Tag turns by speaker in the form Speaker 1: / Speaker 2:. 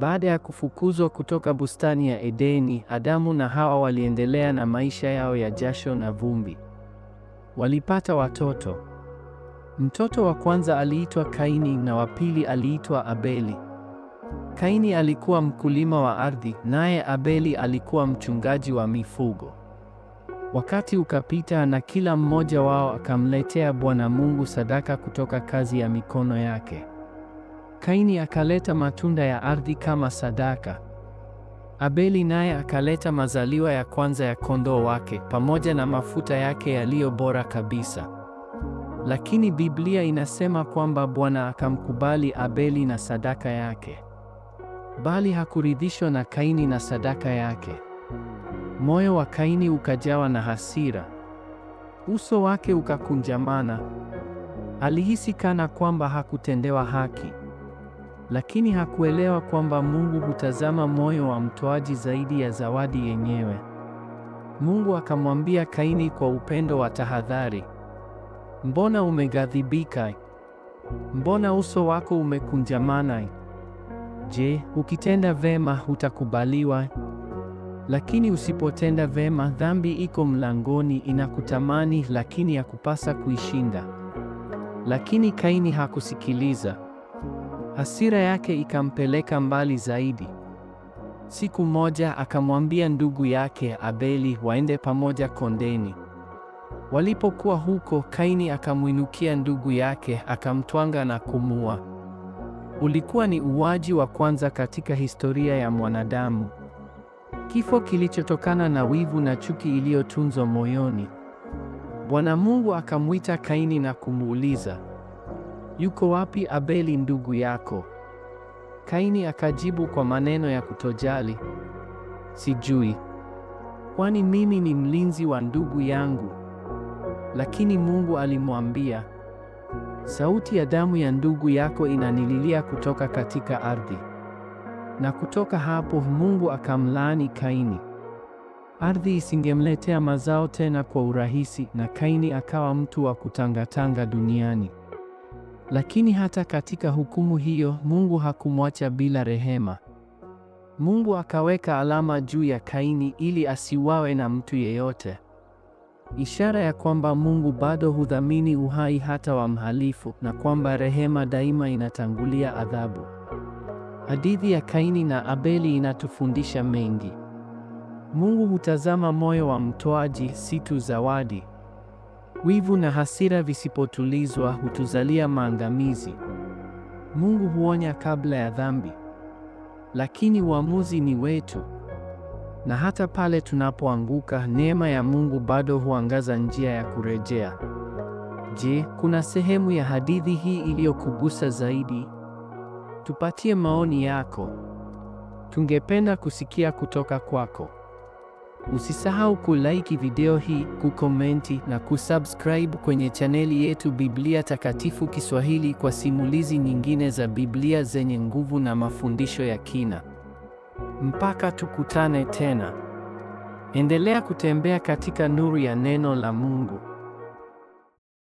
Speaker 1: Baada ya kufukuzwa kutoka bustani ya Edeni, Adamu na Hawa waliendelea na maisha yao ya jasho na vumbi. Walipata watoto. Mtoto wa kwanza aliitwa Kaini na wa pili aliitwa Abeli. Kaini alikuwa mkulima wa ardhi, naye Abeli alikuwa mchungaji wa mifugo. Wakati ukapita na kila mmoja wao akamletea Bwana Mungu sadaka kutoka kazi ya mikono yake. Kaini akaleta matunda ya ardhi kama sadaka. Abeli naye akaleta mazaliwa ya kwanza ya kondoo wake pamoja na mafuta yake yaliyo bora kabisa. Lakini Biblia inasema kwamba Bwana akamkubali Abeli na sadaka yake, bali hakuridhishwa na Kaini na sadaka yake. Moyo wa Kaini ukajawa na hasira, uso wake ukakunjamana. Alihisi kana kwamba hakutendewa haki lakini hakuelewa kwamba Mungu hutazama moyo wa mtoaji zaidi ya zawadi yenyewe. Mungu akamwambia Kaini kwa upendo wa tahadhari, mbona umeghadhibika? Mbona uso wako umekunjamana? Je, ukitenda vema utakubaliwa? Lakini usipotenda vema, dhambi iko mlangoni, inakutamani, lakini yakupasa kuishinda. Lakini Kaini hakusikiliza. Hasira yake ikampeleka mbali zaidi. Siku moja akamwambia ndugu yake Abeli waende pamoja kondeni. Walipokuwa huko, Kaini akamwinukia ndugu yake akamtwanga na kumua. Ulikuwa ni uwaji wa kwanza katika historia ya mwanadamu, kifo kilichotokana na wivu na chuki iliyotunzwa moyoni. Bwana Mungu akamwita Kaini na kumuuliza yuko wapi Abeli ndugu yako? Kaini akajibu kwa maneno ya kutojali, sijui, kwani mimi ni mlinzi wa ndugu yangu. Lakini Mungu alimwambia, sauti ya damu ya ndugu yako inanililia kutoka katika ardhi. Na kutoka hapo Mungu akamlaani Kaini. Ardhi isingemletea mazao tena kwa urahisi, na Kaini akawa mtu wa kutangatanga duniani. Lakini hata katika hukumu hiyo, Mungu hakumwacha bila rehema. Mungu akaweka alama juu ya Kaini ili asiwawe na mtu yeyote, ishara ya kwamba Mungu bado hudhamini uhai hata wa mhalifu na kwamba rehema daima inatangulia adhabu. Hadithi ya Kaini na Abeli inatufundisha mengi. Mungu hutazama moyo wa mtoaji, si tu zawadi. Wivu na hasira visipotulizwa hutuzalia maangamizi. Mungu huonya kabla ya dhambi, lakini uamuzi ni wetu. Na hata pale tunapoanguka, neema ya Mungu bado huangaza njia ya kurejea. Je, kuna sehemu ya hadithi hii iliyokugusa zaidi? Tupatie maoni yako. Tungependa kusikia kutoka kwako. Usisahau kulike video hii, kukomenti na kusubscribe kwenye chaneli yetu Biblia Takatifu Kiswahili kwa simulizi nyingine za Biblia zenye nguvu na mafundisho ya kina. Mpaka tukutane tena. Endelea kutembea katika nuru ya neno la Mungu.